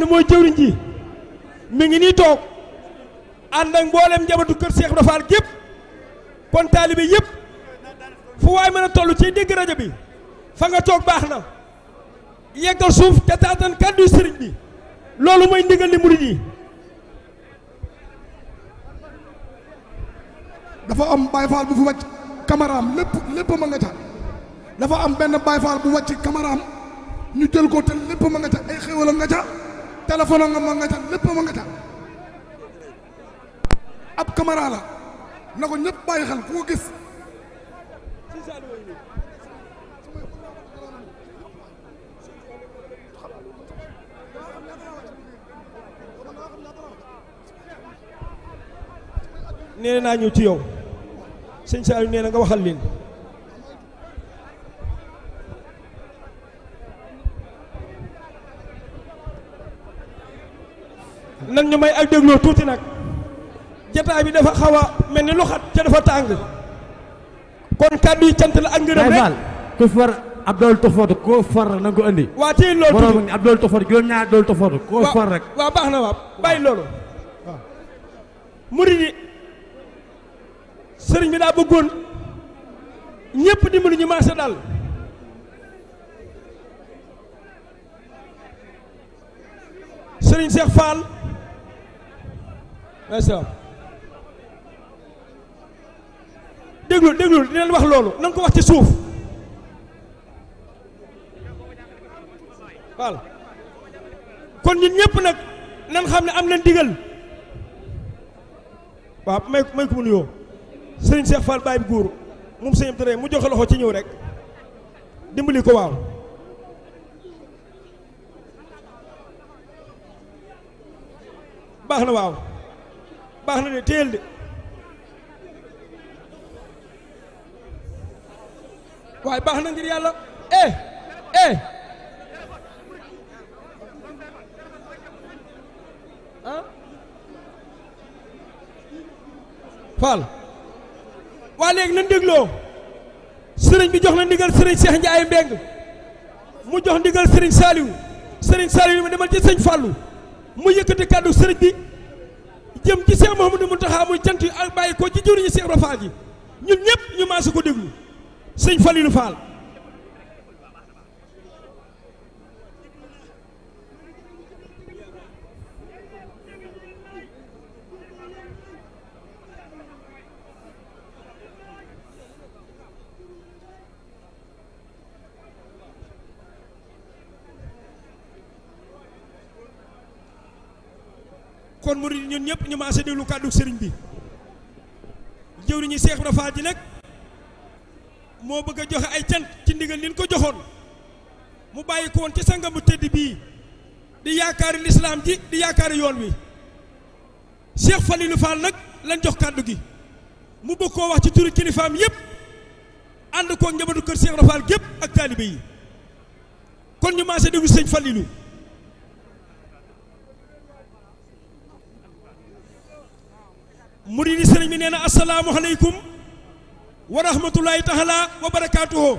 xam mooy jëwriñ ji mi ngi nii toog ànd ak mboolem njabootu kër Cheikh Ibra Fall gépp kon taalibe yëpp fu waay mën a toll ci dégg rajo bi fa nga toog baax na yeggal suuf te taatan kàddu sëriñ bi loolu mooy ndigal li murid yi dafa am Baye Fall bu fi wàcc camaraam lépp lépp ma nga ca dafa am benn Baye Fall bu wàcc camaraam ñu jël ko te lépp ma nga ca ay xéwalam nga ca téléphone nga ma nga ca lépp ma nga ab caméra la na ko ñëpp bàyyi xel ku ko gis nee naa ñëw ci yow sëñ Saliou nee na nga waxal leen nan ñu may ak dégloo tuuti nag jataay bi dafa xaw mel ni lu xat ca dafa tàng kon kàddu yi cant la ak ngërëm rek ku far ab dool tofootu koo far na nga ko andi waa tey loolu tofootu juróom ñaar dool tofootu koo far rek waaw baax na waaw bàyyi loolu waaw murid yi sëriñ bi daa bëggoon ñëpp dimbali ñu maase daal sëriñ Cheikh Fall ndeysaan déglul déglul dina leen wax loolu nan ko wax ci suuf waaw kon ñun ñépp nag nan xam ne am leen digal waaw may may ko mu nuyoo Serigne Cheikh Fall Baye Gour moom sëñ Abdoulaye mu joxe loxo ci ñëw rek dimbali ko waaw baax na waaw baax na de téyel de waaye baax na ngir yàlla eh eh ah waa léegi nan dégloo sëriñ bi jox na ndigal sëriñ Cheikh Ndiaye Mbeng mu jox ndigal sëriñ Saliou sëriñ Saliou ma demal ci sëñ Fallou mu yëkkati kàddu sëriñ bi jëm ci Cheikh Mouhamadou Mountakha muy cant yi ak bàyyi ko ci jëriñu Cheikh Ibra Fall yi ñun ñëpp ñu maase ko déglu sëñ Falilou Fall kon murid ñun ñëpp ñu maase déglu kàddu sëriñ bi jëwriñu Seex Ibra ji nag moo bëgg a joxe ay cant ci ndigal liñ ko joxoon mu bàyyi ko ci sangamu tëdd bii di yaakaari lislaam ji di yaakaari yoon wi Seex Falilu Faal nag lañ jox kàddu gi mu bëgg koo wax ci turu kilifaam yëpp ànd koog njabootu kër Seex Ibra Faal gépp ak taalibe yi kon ñu maase déglu sëñ Falilu mu di ni sëriñ bi nee na asalaamualeykum wa rahmatulahi taala wa barakaatuhu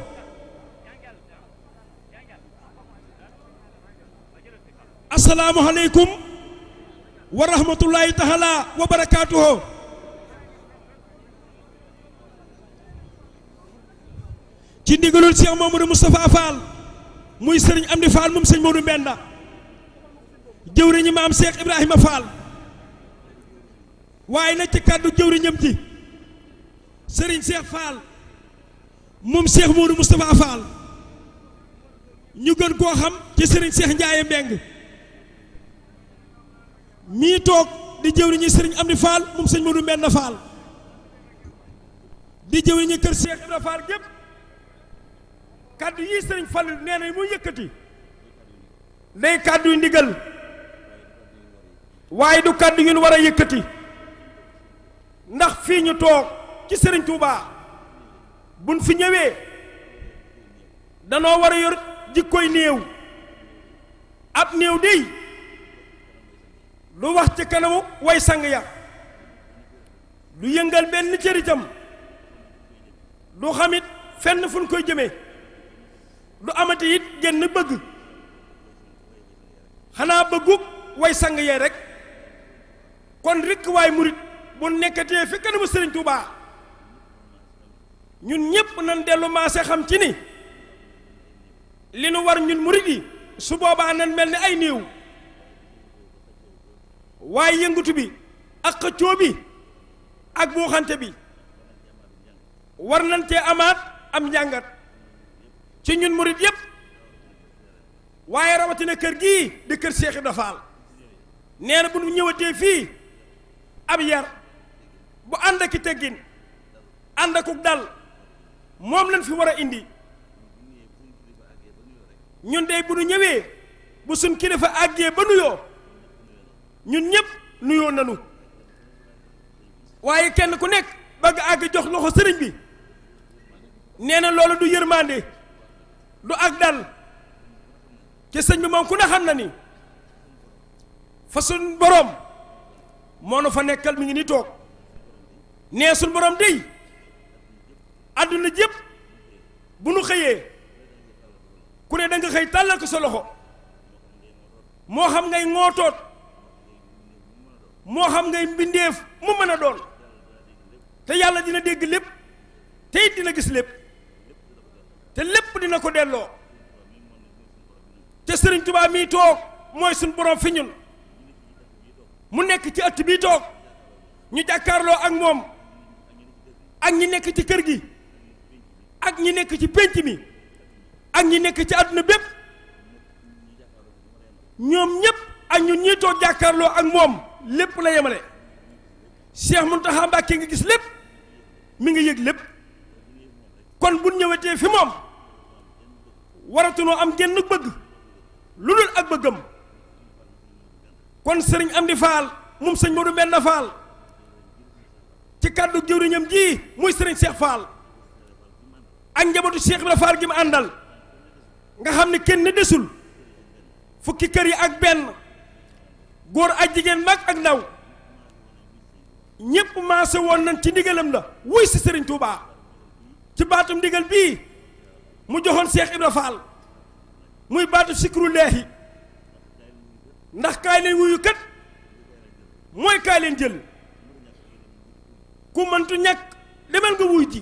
asalaamualeykum wa rahmatulahi taala wa barakaatuhu ci ndigalul Cheikh Mamadou Moustapha Fall muy sëriñ Amdi Fall moom sëñ Modou Mbenda jëwriñu maam Cheikh Ibrahima Fall waaye nag ci kàddu jëwriñam ji sëriñ Cheikh Fall moom Cheikh Modou Moustapha Fall ñu gën koo xam ci sëriñ Cheikh Ndiaye Mbeng mii toog di jëwriñu sëriñ Amdi Fall moom sëñ Modou Mbenn Fall di jëwriñu kër Cheikh Ibra Fall gépp kàddu yii sëriñ Fall nee na mu yëkkati day kàddu yu ndigal waaye du kàddu yu ñu war a yëkkati ndax fii ñu toog ci sëriñ Touba buñ fi ñëwee danoo war a yor jikkoy néew ab néew dey lu wax ci kanamu way sang ya lu yëngal benn cëritam lu xamit fenn fuñ koy jëme lu amati it genn bëgg xanaa bëggug way sang yee rek kon rekk waay murit bu nekkatee fi kanamu sëriñ Tuubaa ñun ñépp nan dellu maase xam ci ni li nu war ñun murid yi su boobaa nan mel ni ay néew waaye yëngatu bi ak xëccoo bi ak buuxante bi war nan cee amaat am njàngat ci ñun murid yépp waaye rawatina kër gii di kër Seex Ibra Faal nee na bu ñëwatee fii ab yar bu ànd ak i teggin ànd akuk dal moom lañ fi war a indi ñun de bu nu ñëwee bu suñ kilifa àggee ba nuyoo ñun ñëpp nuyoo nanu waaye kenn ku nekk bëgg àgg jox loxo sëriñ bi nee na loolu du yërmande du ak dal ci sëñ bi moom ku ne xam na ni fa suñ boroom moo nu fa nekkal mu ngi ni toog nee suñ borom dey àdduna jëpp bu nu xëyee ku ne da nga xëy tàllal ko sa loxo moo xam ngay ngootoot moo xam ngay mbindeef mu mën a doon te yàlla dina dégg lépp te it dina gis lépp te lépp dina ko delloo te sëriñ tubaab mii toog mooy suñ borom fi ñun mu nekk ci ëtt bii toog ñu jàkkaarloo ak moom ak ñi nekk ci kër gi ak ñi nekk ci pénc mi ak ñi nekk ci àdduna bépp ñoom ñépp ak ñun ñii jàkkaarloo ak moom lépp la yemale Cheikh Mountakha Mbacké nga gis lépp mi ngi yëg lépp kon bu ñëwetee fi moom waratunoo am genn bëgg lu dul ak bëggam kon sëriñ Amdi Faal moom sëñ Modou Mbenda Faal ci kàddu jëwriñam ji muy sëriñ Cheikh Fall ak njabootu Cheikh Ibrahima Fall gi mu àndal nga xam ni kenn desul fukki kër yi ak benn góor ak jigéen mag ak ndaw ñépp maase woon nañ ci ndigalam la wuy si sëriñ Touba ci baatum ndigal bii mu joxoon Cheikh Ibrahima Fall muy baatu sikru yi ndax kaay leen wuyu kat mooy kaay leen jël ku mëntu ñàkk demal nga wuy ji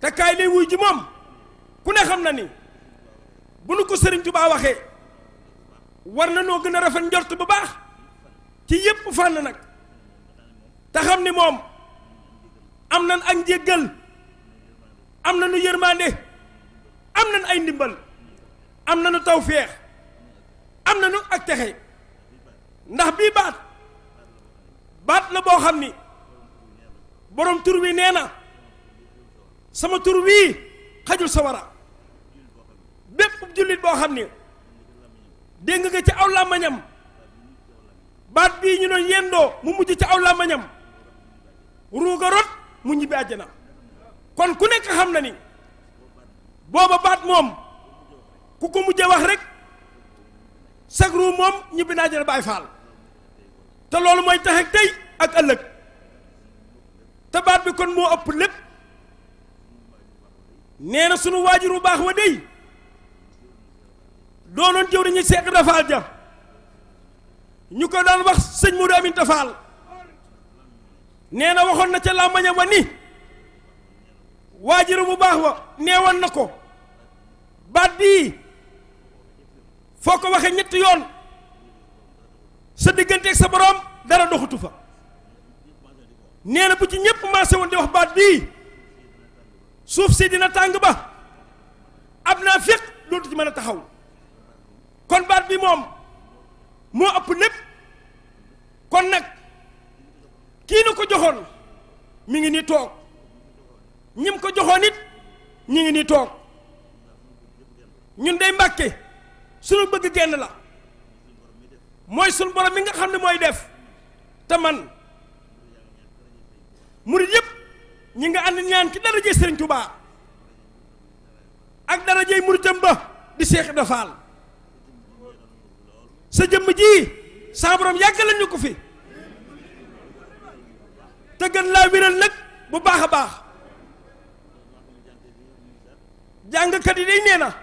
te kaay lay wuy ci moom ku ne xam na ni bu nu ko Sëriñ Tuubaa waxee war na noo gën a rafet njort bu baax ci yépp fànn nag te xam ni moom am nan ak njéggal am na nu yërmande am nan ay ndimbal am na nu tawféex am na nu ak texe ndax bii baat baat la boo xam ni boroom tur wi nee na sama tur wii xajul sawara bépp jullit boo xam ni dégg nga ci aw làmmañam baat bii ñu doon yendoo mu mujj ci aw làmmañam ruuga rot mu ñibbi na kon ku nekk xam na ni booba baat moom ku ko mujj wax rek sag ruu moom ñibbi naa àjjana Baay Faal te loolu mooy tax tey ak ëllëg te baat bi kon moo ëpp lépp nee na sunu waajur bu baax wa dey doonoon jëw dañuy seeq dafaal ja ñu ko daan wax sëñ Modou Amin dafaal nee na waxoon na ca làmbañam wa ni waajur bu baax wa neewoon na ko baat bii foo ko waxee ñetti yoon sa digganteeg sa boroom dara doxutu fa nee na bu ci ñépp maase woon di wax baat bii suuf si dina tàng ba ab naa féq dootu ci mën a taxaw kon baat bi moom moo ëpp lépp kon nag kii na ko joxoon mi ngi ni toog ñim ko joxoon it ñi ngi ni toog ñun day mbàkke suñu bëgg genn la mooy suñu borom mi nga xam ne mooy def te man murid yëpp ñi nga ànd ñaan ci darajey Sëriñ Tuubaa ak darajey muritam ba di Seex Ibra Faal sa jëmm ji sa borom yàggal ko fi te gën laa wéral nag bu baax a baax jàngkat yi day nee na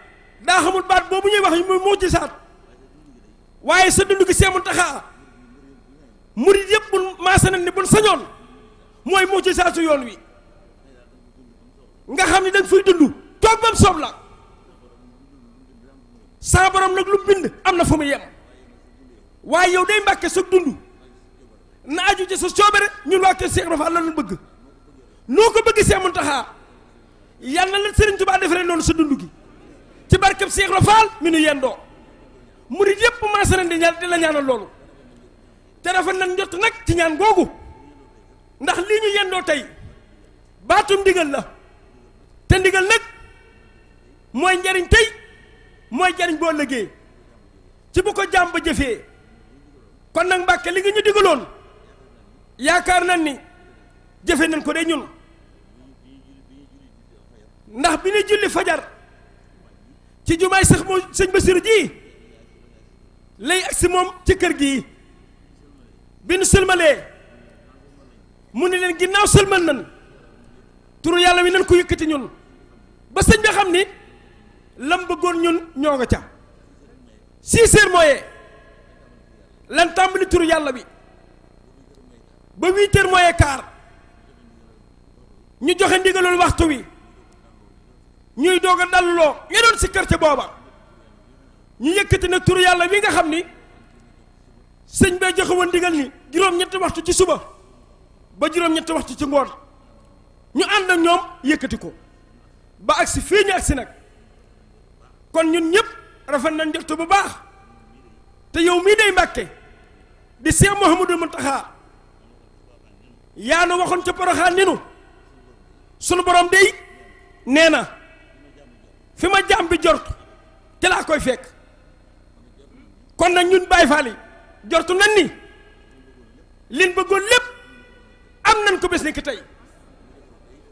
daa xamul baat boobu ñuy wax mu moo ci saat waaye sa dund gi seemu taxaa murid yëpp bul maasana ni bul sañoon mooy moo ci saa su yoon wi nga xam ni da nga fay dund toog bam soob la saa nag lu mu am na fu mu yem waaye yow day mbàkke sa dund na aju ci sa coobare ñun waa kër Cheikh Rafa bëgg noo ko bëgg Cheikh Mountakha yal na la Serigne defaree noonu sa dund gi ci barkeb Cheikh Rafa mi nu yendoo murid yëpp maasarandi ñaan di la ñaanal loolu te rafet nañ jot nag ci ñaan googu. ndax lii ñu yendoo tey baatum ndigal la te ndigal nag mooy njariñ tey mooy njariñ boo liggéey ci bu ko jàmm ba jëfee kon nag Mbàkke li nga ñu digaloon yaakaar nañ ni jëfe nañ ko de ñun ndax bi ñuy julli fajar ci jumaay sax moo sëñ Basiru ji lay agsi moom ci kër gi bi nu sëlmalee mu ne leen ginnaaw sëlmal nan turu yàlla wi nan ko yëkkati ñun ba sëñ bi xam ni lam bëggoon ñun ñoo nga ca six heures mooyee lan tàmbali turu yàlla bi ba huit heures mooyee quart ñu joxe ndigalul waxtu wi ñuy doog a dalloo ña doon si kër ca booba ñu yëkkati nag turu yàlla wi nga xam ni sëñ bee joxe woon ndigal ni juróom-ñetti waxtu ci suba ba juróom-ñetti waxtu ci ngoon ñu ànd ak ñoom yëkkati ko ba agsi fii ñu agsi nag kon ñun ñëpp rafet nañ njortu bu baax te yow mii day mbàkke di Cheikh Mouhamadou Mountakha yaa nu waxoon ca Poroxaan ni nu sunu borom day nee na fi ma jaam bi jort ci laa koy fekk kon nag ñun Baay Faal yi jortu nan ni lin bëggoon lépp am nañ ko bés ni ki tey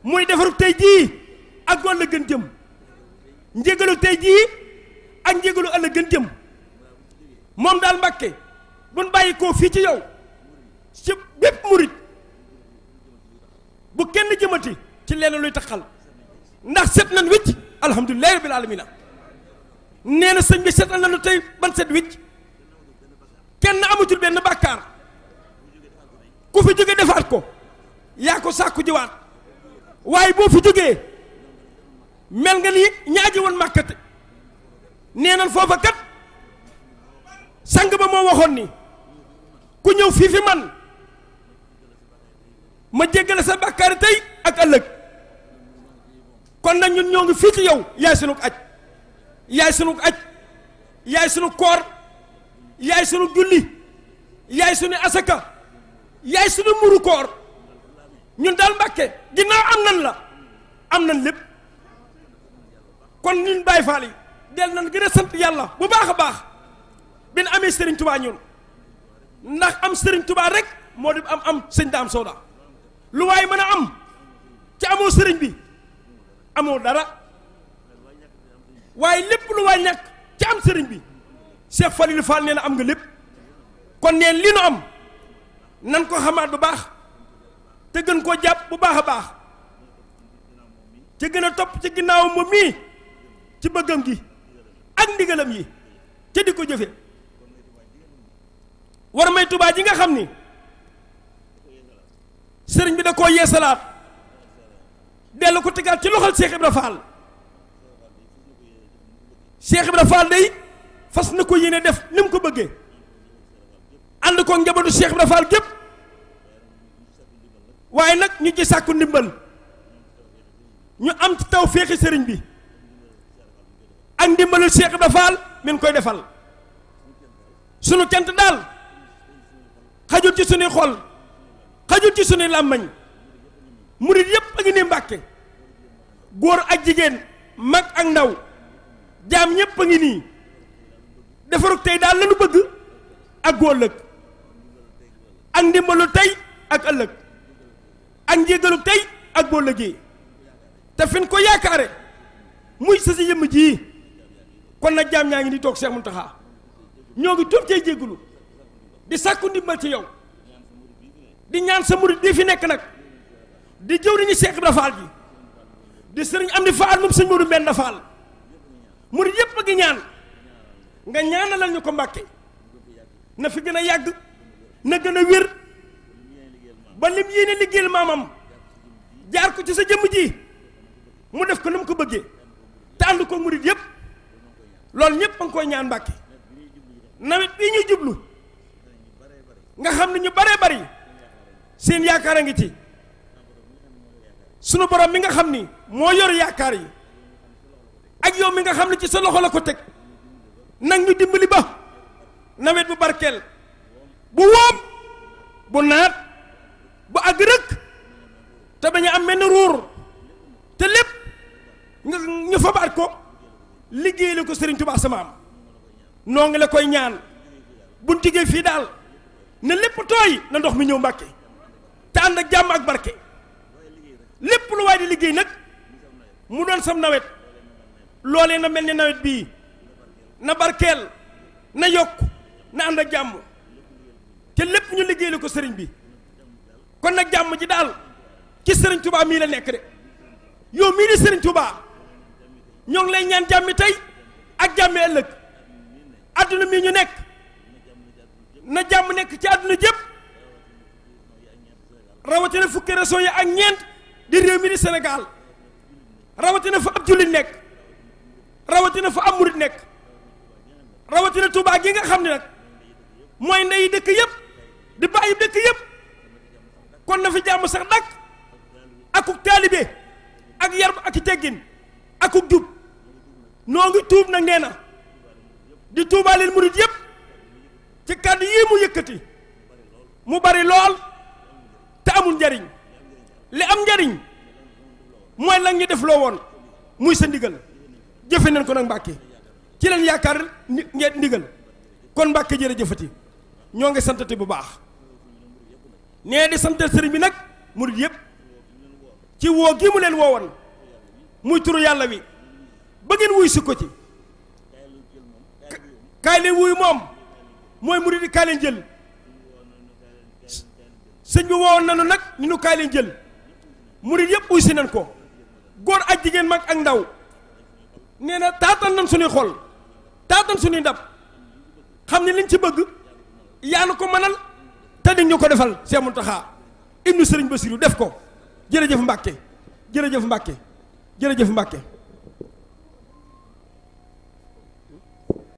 muy defarub tey jii ak wàll gën jëm njégalu tey jii ak njégalu ëllëg gën jëm moom daal mbàkke buñ bàyyi koo fii ci yow ci bépp murit bu kenn jëmati ci leen luy taxal ndax set nan wicc alhamdulilahi rabbil alamina nee na sëñ bi set nañu tey ban set wicc kenn amatul benn bàkkaar ku fi jóge defaat ko yaa ko sàkku jiwaat waaye boo fi jógee mel nga ni ñaaji woon màkkate nee nan foofa kat sang ba moo waxoon ni ku ñëw fii fi man ma jéggale sa bàkkaari tey ak ëllëg kon nag ñoo ngi fii ci yow yaay sunu aj yaay sunu aj yaay sunu koor yaay sunu julli yaay sunu asaka yaay sunu muru koor ñun daal mbàkke ginnaaw am nan la am nan lépp kon ñun Baay Faal yi del nan gën a sant yàlla bu baax a baax bi nu amee Serigne Touba ñun ndax am sëriñ tubaa rek moo di am am sëñ daam sooda lu waaye mën a am ci amoo sëriñ bi amoo dara waaye lépp lu waay ñàkk ci am sëriñ bi Cheikh Falilou Fall nee na am nga lépp kon neen li nu am nan ko xamaat bu baax te gën koo jàpp bu baax a baax ci gën a topp ci ginnaaw moom mii ci bëggam gi ak ndigalam yi ca di ko jëfe war may Tuubaa ji nga xam ni sëriñ bi da koo yeesalaat dellu ko tegaat ci loxol Cheikh Ibra Fall Cheikh Ibra Fall day fas na ko yéene def ni mu ko bëggee ànd ko njabootu Cheikh Ibra gépp waaye nag ñu ci sàkku ndimbal ñu am taw féexi sëriñ bi ak ndimbalul Cheikh Ibra Fall koy defal sunu cant daal xajul ci sunuy xol xajul ci sunuy làmmañ murit yépp a ngi ni mbàkke góor ak jigéen mag ak ndaw jaam ñépp a ngi nii defarug tey daal lañu bëgg ak góor lëg ak ndimbalul tey ak ëllëg ak njéegalu tey ak boo liggéey te fin ko yaakaare muy sa si yëmm ji kon na jaam ñaa ngi di toog Cheikh taxa ñoo ngi tuub cay jéggalu di sàkku ndimbal ci yow di ñaan sa murid bi fi nekk nag di jëw di ñu Cheikh Ibra Fall ji di sëriñ am di faal moom sëñ Modou Mbène Fall murid yépp a ngi ñaan nga ñaanalal ñu ko Mbàkke na fi gën a yàgg na gën a wér ba lim yéene liggéeyal maamam jaar ko ci sa jëmm ji mu def ko ni mu ko bëggee te ànd ko murit yëpp loolu ñëpp a ngi koy ñaan mbàkke nawet bii ñuy jublu nga xam ne ñu baree bari seen yaakaar a ngi ci sunu borom mi nga xam ni moo yor yaakaar yi ak yow mi nga xam ne ci sa loxo la ko teg nag ñu dimbali ba nawet bu barkeel bu woom bu naat sama am noo ngi la koy ñaan bu jógee fii daal ne lépp tooy na ndox mi ñëw mbàkke te ànd ak jàmm ak barke lépp lu waay di liggéey nag mu doon sam nawet loolee na mel ni nawet bii na barkeel na yokk na ànd ak jàmm te lépp ñu liggéey la ko sëriñ bi kon nag jàmm ji daal ci sëriñ Touba mii la nekk de yow mii di sëriñ Touba ñoo ngi lay ñaan jàmmi tey ak jàmmi ëllëg adduna mi ñu nekk na jàmm nekk ci adduna jëpp rawatina fukki régions yi ak ñeent di réew mi di Sénégal rawatina fa ab jullit nekk rawatina fu ab murit nekk rawatina Touba gi nga xam ne nag mooy ndeyi dëkk yëpp di bàyyi dëkk yëpp kon na fi jàmm sax dakk akuk taalibe ak yarb ak teggin akuk jub noo ngi tuub nag nee na di tuubaaleel murit yépp ci kàddu yii mu yëkkati mu bari lool te amul njariñ li am njariñ mooy lan ñu def loo woon muy sa ndigal jëfe nañ kon nag Mbàkke ci leen yaakaar ngeen ndigal kon Mbàkke jëfati ñoo ngi santati bu baax nee di santal sëriñ bi nag mu murit yépp ci woo gi mu leen woowoon muy turu yàlla wi ba ngeen wuy si ko ci kaay leen wuyu moom mooy murid yi kaay leen jël sëñ bi woowoon nanu nag ni nu kaay leen jël murid yëpp wuy si nan ko góor ak jigéen mag ak ndaw nee na taatan nan suñuy xol taatan suñuy ndab xam ne liñ ci bëgg yaa nu ko mënal te di ñu ko defal taxaa Mountakha ibnu Sëriñ Bassirou def ko jërëjëf Mbàkke jërëjëf Mbàkke jërëjëf Mbàkke